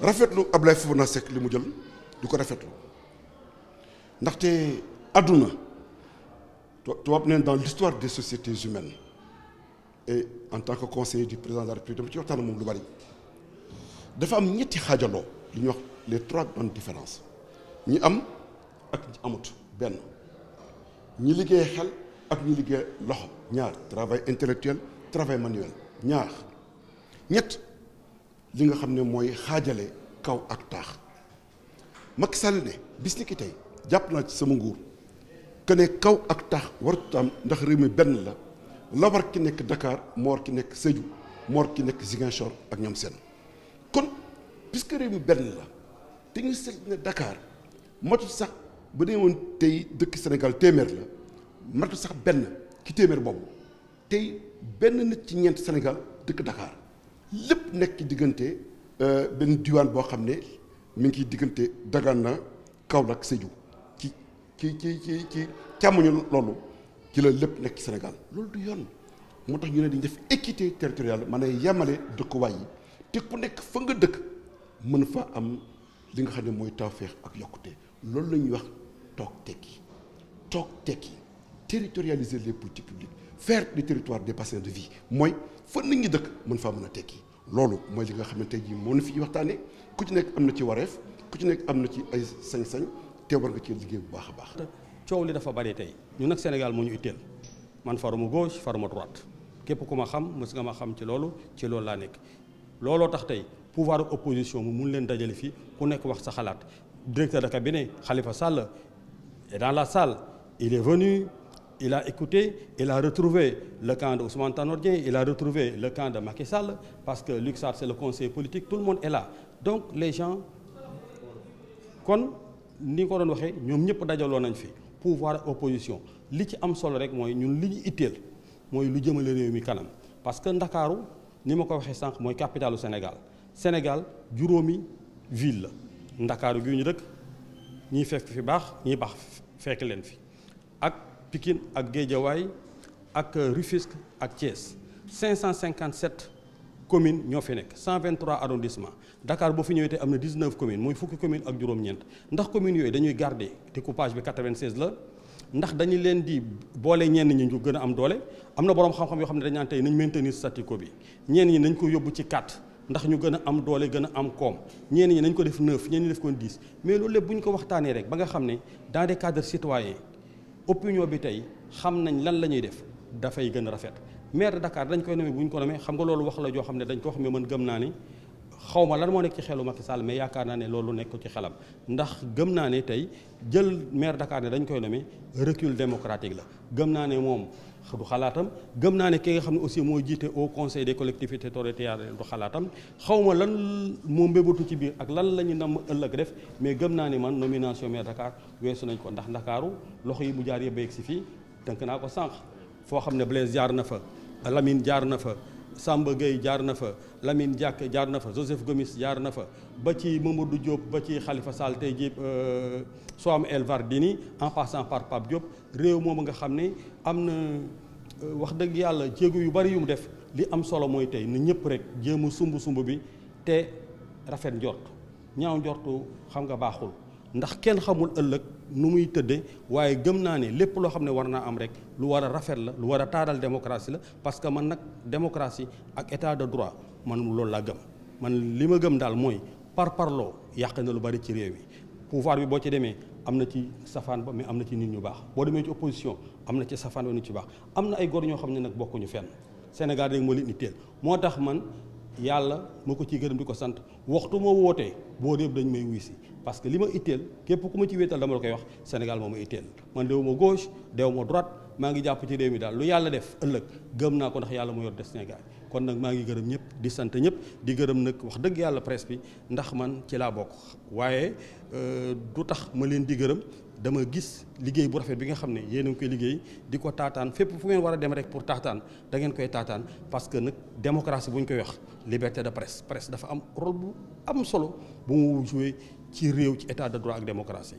rafetlu Ablaye na Seck li mu jël du ko rafetlu ndaxte adduna to tubaab neen dans l'histoire des sociétés humaines et en tant que conseiller du président de la République dama ci waxtaan moom lu bari dafa am ñetti xaajaloo li ñuy wax les trois grandes différences ñi am ak ñi amut benn ñi liggéey xel ak ñi liggéey loxo ñaar travail intellectuel travail manuel ñaar li nga xam ne mooy xaajale kaw ak taax Macky Sall ne bis ki tey jàpp naa ci sama nguur que kaw ak taax warut am ndax réew mi benn la la war ki nekk dakaar moo war ki nekk Sédhiou moo war ki nekk Ziguinchor ak ñoom seen kon puisque réew mi benn la te ñu seet ne Dakar matul sax bu dee woon tey dëkk Sénégal téeméer la matul sax benn ki téeméer boobu tey benn nit ci ñeent Sénégal dëkk Dakar lépp nekk diggante euh, benn diwaan boo xam ne mu ngi diggante Dagana Kaolack Sédhiou ci ci ci ci ci càmmoñu loolu ci la lépp nekk Sénégal loolu du yoon moo tax ñu ne di def équité territoriale maanaam yemale dëkkuwaay yi te ku nekk fa nga dëkk mën fa am li nga xam ne mooy tawféex ak yokkute loolu la ñuy wax toog tekki toog tekki territorialiser les politiques publiques faire des territoires des bassins de vie mooy fa nit dëkk mën faa mën a tekki loolu mooy li nga xamante ji moo na fi waxtaanee ku ci nekk am na ci wareef ku ci nekk am na ci ay sañ-sañ te war nga ci liggéey bu baax a baax. coow li dafa bari tey ñu nag Sénégal moo ñu itteel man faruma gauche faruma droite képp ku ma xam mës nga ma xam ci loolu ci loolu laa nekk looloo tax tey pouvoir opposition mu mun leen dajale fii ku nekk wax sa xalaat directeur de cabinet xalifa Sall est la salle il est il a écouté, il a retrouvé le camp d'Ousmane Tanordien, il a retrouvé le camp de Sall, parce que l'UXAR, c'est le conseil politique, tout le monde est là. Donc les gens. kon ni ko doon waxee ñoom ñëpp dajaloo nañ fi pouvoir opposition li ci am solo rek mooy ñun li ñu itteel mooy lu jëmale réew mi kanam parce que ndakaaru ni ma ko waxee sànq mooy capitalu Sénégal Sénégal juróomi ville la ndakaaru gi ñu dëkk ñii fekk fi baax ñii baax fekk leen fi. Pikine ak Guédiawaye ak euh, Rufisque ak Thiès 557 communes ñoo fi nekk 123 arrondissements Dakar boo fi ñëwee te am na 19 communes mooy fukki commune ak juróom-ñeent ndax communes yooyu dañuy garder découpage bi 96 la ndax dañu leen di boole ñenn ñi ñu gën a am doole am na boroom xam-xam yoo xam ne dañu naan tey nañ maintenir statu quo bi ñenn ñi nañ ko yóbbu ci 4 ndax ñu gën a am doole gën a am koom ñenn ñi nañ ko def 9 ñenn ñi def ko 10 mais loolu lépp bu ñu ko ba nga xam ne dans des cadres citoyens opinion bi tey xam nañ lan la ñuy def dafay gën a rafet maire de Dakar dañ koy nommer bu ñu ko nommer xam nga loolu wax la joo xam ne dañ ko xam ne man gëm naa ne xaw ma lan moo nekk ci xelu Macky Sall mais yaakaar naa ne loolu nekk ci xelam ndax gëm naa ne tey jël maire Dakar ne dañ koy nommer recul démocratique la gëm naa ne moom du xalaatam gëm naa ne ki nga xam ne aussi moo jiite au conseil des collectivités territoriales du xalaatam xaw ma lan moo mbébatu ci biir ak lan la ñu namm ëllëg def mais gëm naa ne man nomination maire Dakar weesu nañ ko ndax ndakaaru loxo yi mu jaar yëpp yegg si fii tënk naa ko sànq foo xam ne Blaise jaar na fa Lamine jaar na fa. Samba Gueye jaar na fa Lamine Diack jaar na fa Joseph Gomis jaar na fa ba ci Mamadou Diop ba ci Khalifa Sall tey jii euh, Soham El Wardini en passant par Pape Diop réew moomu nga xam ni am na euh, wax dëgg yàlla jéego yu bari yu mu def li am solo mooy tey na ñëpp rek jéem sumb sumb bi te rafet njort ñaaw njortu xam nga baaxul ndax kenn xamul ëllëg. nu muy tëdde waaye gëm naa ne lépp loo xam ne war naa am rek lu war a rafet la lu war a taaral démocratie la parce que man nag démocratie ak état de droit man loolu laa gëm man li ma gëm daal mooy par parloo yàq na lu bari ci réew yi pouvoir bi boo ci demee am na ci safaan ba mais am na ci nit ñu baax boo demee ci opposition am na ci safaan ba nit ñu baax am na ay gor ñoo xam ne nag bokkuñu fenn Sénégal rek moo leen itteel moo tax man. yàlla ma ko ciy gërëm di ko sant waxtu ma wootee boo déeb dañ may wuy si parce que li ma itteel képp ku ma ci wéetal dama la koy wax Sénégal moo ma itteel man dew ma gauche dew ma droite maa ngi jàpp ci réew mi daal lu yàlla def ëllëg gëm naa ko ndax yàlla moo yor de Sénégal kon nag maa ngi gërëm ñëpp di sant ñëpp di gërëm nag wax dëgg yàlla presse bi ndax man ci laa bokk waaye euh, du tax ma leen di gërëm dama gis liggéey bu rafet bi nga xam ne yéen a ngi koy liggéey di ko taataan fépp fu ngeen war a dem rek pour taataan da koy taataan parce que démocratie bu ñu koy wax liberté de presse presse dafa am rôle bu am solo bu mu joué ci réew ci état de droit ak démocratie.